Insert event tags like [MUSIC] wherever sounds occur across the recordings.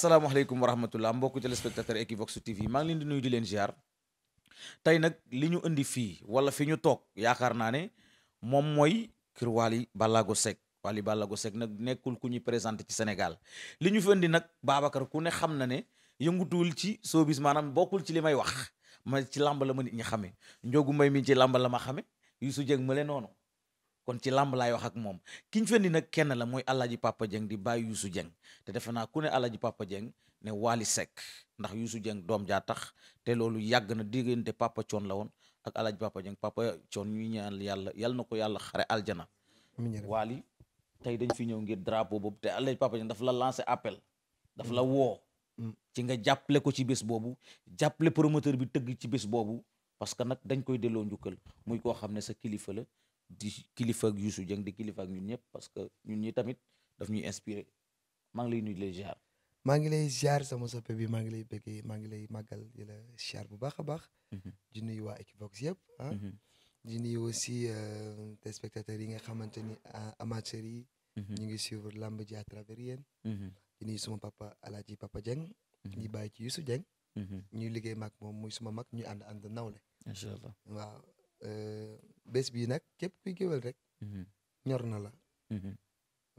salaamaaleykum wa rahmatullah mbokku téléspectateur Equivox TV maa ngi leen di nuyu di leen ziar tey nag li ñu indi fii wala fi ñu toog yaakaar naa ne moom mooy kër Wally Ballago Seck Wally Ballago Seck nag nekkul ku ñuy présenté ci Sénégal li ñu fi indi nag Babacar ku ne xam na ne yëngutuwul ci showbiz maanaam bokkul ci li may wax ma ci làmb ma nit ñi xamee Njogu Mbay mi ci làmb la ma xame su Dieng ma leen noonu kon ci làmb laay wax ak moom ki ñu fendi nag kenn la mooy Alaaji Papa Dieng di bàyyi Youssou Dieng te defe naa ku ne Alaaji Papa Dieng ne Wally Seck ndax Youssou Dieng doom jaa tax te loolu yàgg na diggante Papa coon la woon ak Alaaji Papa Dieng Papa Thione ñuy ñaan yàlla yal na ko yàlla xare aljana Wally tey dañ fi ñëw ngir drapeau boobu te Alaaji Papa Dieng daf la lancé appel daf la mm. woo mm. ci nga jàppale ko ci bés boobu jàppale promoteur bi tëgg ci bés boobu parce que nag dañ koy delloo njukkal muy koo xam ne sa kilifa la di kilifa ak Youssou Dieng di kilifa ak ñun ñëpp parce que ñun ñi tamit daf ñuy inspiré maa ngi lay nuyu di lay maa ngi lay ziar sama soppe maa ngi lay bëggee maa ngi lay màggal di la ziar bu baax a baax. Mhm. di nuyu waa Equivox yëpp ah. Mhm. di nuyu aussi euh, téléspectateurs yi nga xamante ni ah, amateurs yi. Mhm. ñu ngi suivre lamb ji à travers yéen. di nuyu suma papa Alaaji Papa Dieng. ñuy ñuy liggéey maak moom muy suma mag ñu ànd ànd nawle. macha allah waaw. Euh, bés bii nag képp kuy géwél rek. Mhm. ñor na la. Mhm.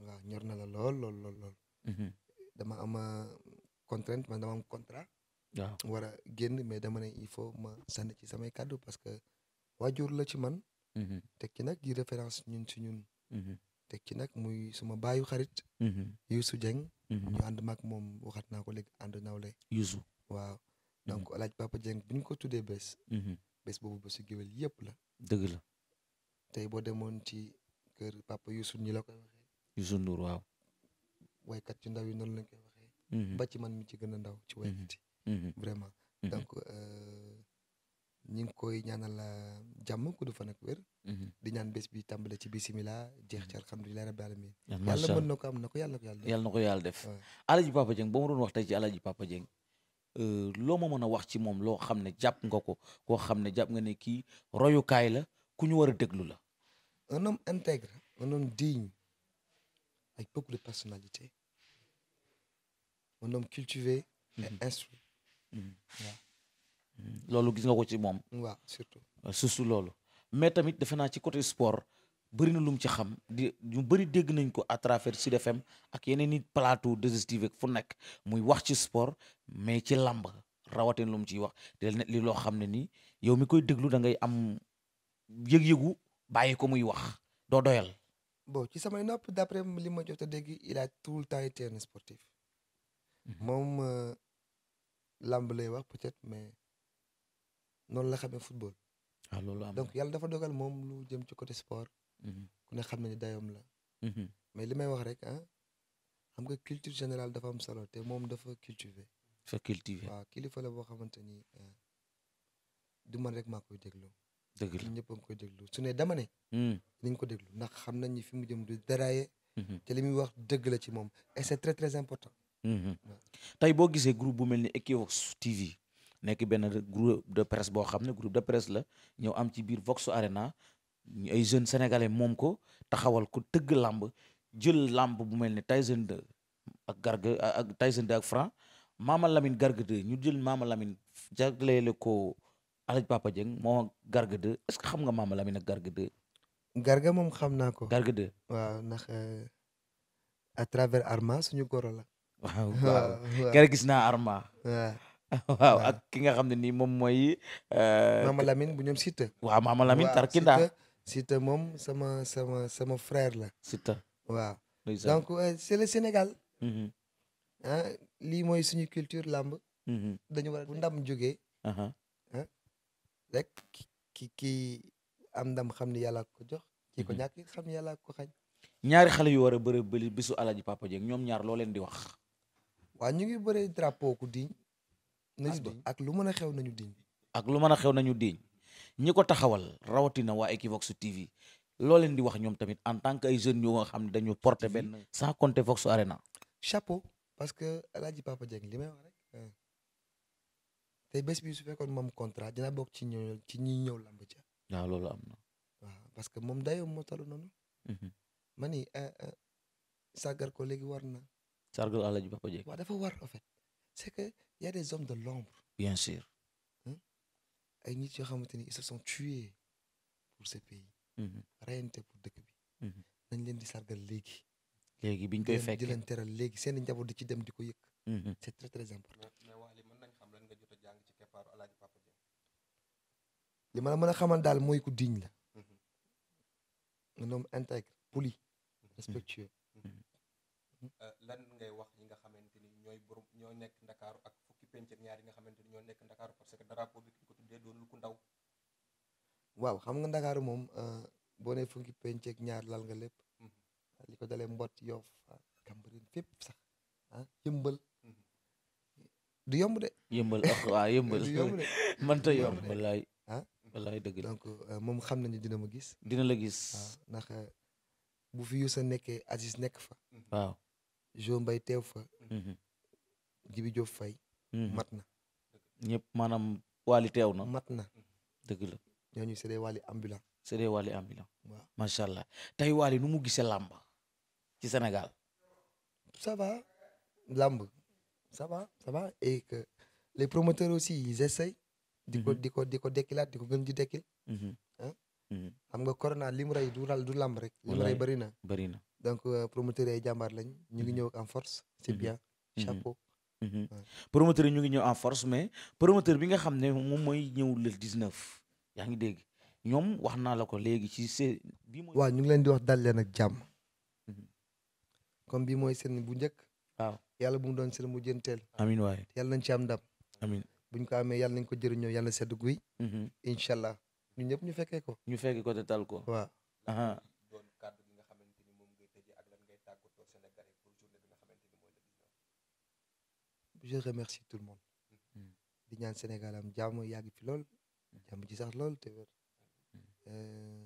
waaw ñor na la lool lool lool lool. Mhm. dama am euh, contrainte man dama am contrat. war a génn mais dama ne il faut ma sànni ci samay kàddu parce que waajur la ci man. teg ci nag di référence ñun si ñun. teg ci nag muy suma baayu xarit. Youssou Dieng. ñu ànd maag moom waxaat naa ko léegi ànd nawle. Youssou waaw donc El Hadj Papa Dieng bu ko tuddee bés. bés boobu bésu géwél yëpp la. dëgg la tey boo demoon ci kër papa Youssou ñi la koy waxee. Youssou Ndour waaw. waykat yu ndaw yi noonu lañ koy waxee. Mhm. ba ci man mi ci gën a ndaw ci waykat mhm. yi. Mhm. vraiment donc euh, ñi ngi koy ñaanal euh, jàmm ku du fan ak di ñaan bés bi tàmbale ci bisimilah jeex ci alhamdulilah rabbil alamin. yàlla mën na ko am na ko yàlla ko yàlla def na ko yàlla def. Alaaji Papa Dieng ba mu doon wax tey ci Alaaji Papa Dieng. Euh, loo ma mën a wax ci moom loo xam ne jàpp nga ko koo xam ne jàpp nga ne kii royukaay la ku ñu war a déglu la. un homme intègre, un homme digne, avec beaucoup de personnalité, un homme et mm-hmm. instruit. Mm-hmm. loolu gis nga ko ci moom. waaw surtout. Euh, surtout loolu mais tamit defe naa ci côté sport bëri na lum ci xam di ñu bëri dégg nañ ko à travers Sud ak yeneen i plateau 2STV fu nekk muy wax ci sport mais ci làmb rawatina lu mu ciy wax di li loo xam ne nii yow mi koy déglu dangay am yëg-yëgu. bàyyi ko muy wax doo doyal. bon ci samay nopp d' après li ma jot a dégg il a tout le temps été un sportif. Mhm. moom euh, làmb lay wax peut-être mais noonu la xamee football. waaw ah, loolu am donc yàlla dafa dogal moom lu jëm ci côté sport. Mhm. ku ne xam ne ni dayoom la. Mhm. mais li may wax rek ah xam nga culture générale dafa am solo te moom dafa cultiver. dafa cultiver waaw kilifa la boo xamante ni euh, du man rek maa koy déglu. dëgg la ñëpp a koy déglu su ne dama ne. Hmm. nañ ko déglu ndax xam nañ ni fi mu jëm du déraillé. te li muy wax dëgg la ci moom et c'est très très important. tey boo gisee groupe bu mel ni Equivox TV nekk benn groupe de presse boo xam ne group de presse la ñëw am ci biir Vox Arena ñu ay jeunes sénégalais moom ko taxawal ko tëgg làmb jël làmb bu mel ni Tyson 2 ak Garga ak Tyson ak Franc Mama Lamine Garga ñu jël Mama Lamine jagleele ko. Alaaji Papa Dieng moom ak Garga 2 est que xam nga Mama Lamine ak Garga 2. moom xam naa ko. Garga 2 waaw ndax euh, à travers Arma suñu goro la. waaw [LAUGHS] waaw gis naa Arma. [LAUGHS] waaw. waaw ak ki nga xam ne nii moom mooy. Euh, Mama Lamine bu ñoom Siteu. waaw Mama Lamine Tarkinda waaw Siteu moom sama sama sama la. Siteu waaw. donc euh, c'est le Sénégal. Mm-hmm. ah mooy suñu culture làmb. Mm-hmm. dañu war a bu ndam jógee. Uh-huh. kii am ndam xam ni yàlla ko jox ki ko mhm. ñàkk xam ni ko xañ ñaari xale yu war a bëre bëri bisu alaji papa Dieng ñoom ñaar loo leen di wax waa ñu ngi bëre drapeau ku diñ nañu diñ ak lu mën a xew nañu diñ ak lu mën a xew nañu diñ ñi ko taxawal rawatina waa Equivox TV loo leen di wax ñoom tamit en tant que ay jeunes yu nga xam ne dañu porte benn sans compter Vox Arena chapeau parce que alaji papa Dieng li wax rek tey bés bi su fekkoon moom contrat dina bokk ci ñëw ci ñi ñëw lamb am na. waaw parce que moom dayoo moo toll noonu. Mhm. ma ni ah, ah, sargal ko léegi war na. sargal Alaaji Papa Dieng. waaw dafa war en fait est que y a des hommes de l'ombre bien sûr. Hmm? ay nit yoo xamante ni ils se sont tués pour ce pays. Mhm. reyante pour dëkk bi. Mhm. nañ leen di sargal léegi. léegi biñ koy fekk di leen teral léegi seen njaboot di ci dem di ko yëg. c' est très très li ma mën a xamal daal mooy ku digne la un homme intègre poli respectueux euh, lan ngay wax ñi nga xamante ni ñooy borom ñoo nekk ndakaaru ak fukki penc ñaar yi nga xamante ni ñoo nekk ndakaaru parce que drapeau bi ki ko tuddee doonul ku ndaw waaw xam nga ndakaaru moom euh, boo ne fukki penc ñaar lal nga lépp mhm. li ko dalee mbot Yoff ah, Cambérène fépp sax ah mhm. du yomb de yëmbal ak waa yëmbal mënta yomb wallaay wallaay dëgg donc euh, moom xam na nañu dina ma gis. dina la gis. Ah, ndax euh, bu fi sa nekkee Aziz nekk fa. Mm-hmm. waaw Jo Mbay teew fa. Mm-hmm. Jibi Diop Faye. Mm-hmm. mat na. ñëpp maanaam waali teew na. mat na dëgg la. ñooñu c'est des waali ambulants. c'est des waali ambulants. waaw macha allah tey waali nu mu gisee làmb ci Sénégal. ça va làmb ça va ça va et que les aussi ils di ko mhm. di ko di ko dekkilaat di ko gën di dekkil mhm. ah mhm. xam nga corona li mu rey du lal du làmb rek li mu rey bëri na na donc euh, promoteur yi ay jàmbaar lañ ñu ngi ñëw en force c'est bien chapeau promoteur ñu ngi ñëw en force mais promoteur bi nga xam ne moom mooy ñëw le 19 yaa ngi dégg ñoom wax naa la ko léegi ci see bii mooy waaw ñu ngi leen di wax dal leen nag jàmm comme bii mooy seen bu njëkk waaw yàlla bu mu doon seen mu amin waaye yàlla nañ ci am ndam buñ ko amee yàlla nañ ko jëriñoo yàlla sedd guy. Mhm. incha allah ñun ñëpp ñu fekkee ko. ñu fekkee ko te tal ko. waaw. doon kàddu gi nga xamante ni moom ngay tëjee ak lan ngay tàggatoo Sénégal yi pour journée bi nga xamante ni mooy le 19. je remercie tout le monde. Mhm. di ñaan Sénégal am jàmm yàgg fi lool. jàmm ji sax lool te wér. Mhm. Euh,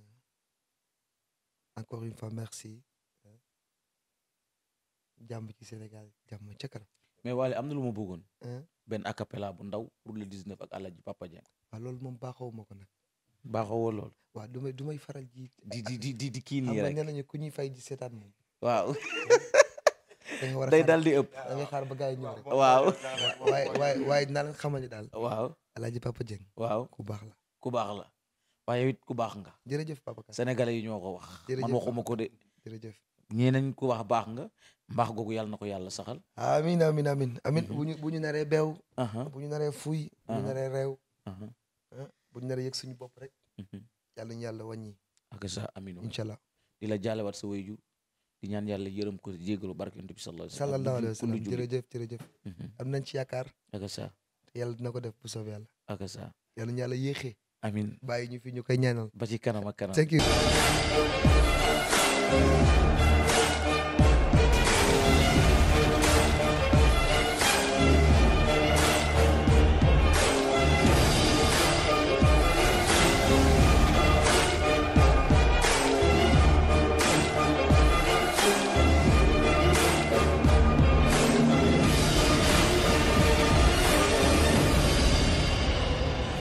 encore une fois merci. Euh, jàmm ci Sénégal jàmm ca kanam mais Wally am na lu ma bëggoon. benn acapella bu ndaw pour le 19 ak Alaaji Papa Dieng. waaw ah, loolu moom baaxoo ma ko nag. baaxoo woo loolu. waaw du may du may faral di. di di di di kii nii rek xam nga ku ñuy fay di setaan moom. waaw. [LAUGHS] day daal di ëpp da ngay xaar ba waaye waaye waaye naa leen xamal daal. waaw Alaaji Papa Dieng. waaw ku baax la. ku baax la waaye it ku baax nga. jërëjëf Papa Ka. sénégalais yi ñoo ko wax. man waxuma ko de. jërëjëf ñee nañ ku wax baax nga mbaax googu yàlla na ko yàlla saxal amin amin amin amin mhm. bu ñu bu ñu naree beew bu ñu naree fuy bu ñu naree reew ah, bu ñu naree yëg suñu bopp rek mhm. yàlla ñu yàlla wàññi ak sa amin incha allah di la jaalewaat sa wayju di ñaan yàlla yërëm ko jégalu barke yonent bi sallallahu alayhi wa sallam jërëjëf jërëjëf mhm. am nañ ci yaakaar ak sa yàlla dina ko def bu soob yàlla ak sa yàlla ñu yàlla yéexee amin bàyyi ñu fi ñu koy ñaanal ba ci kanam ak kanam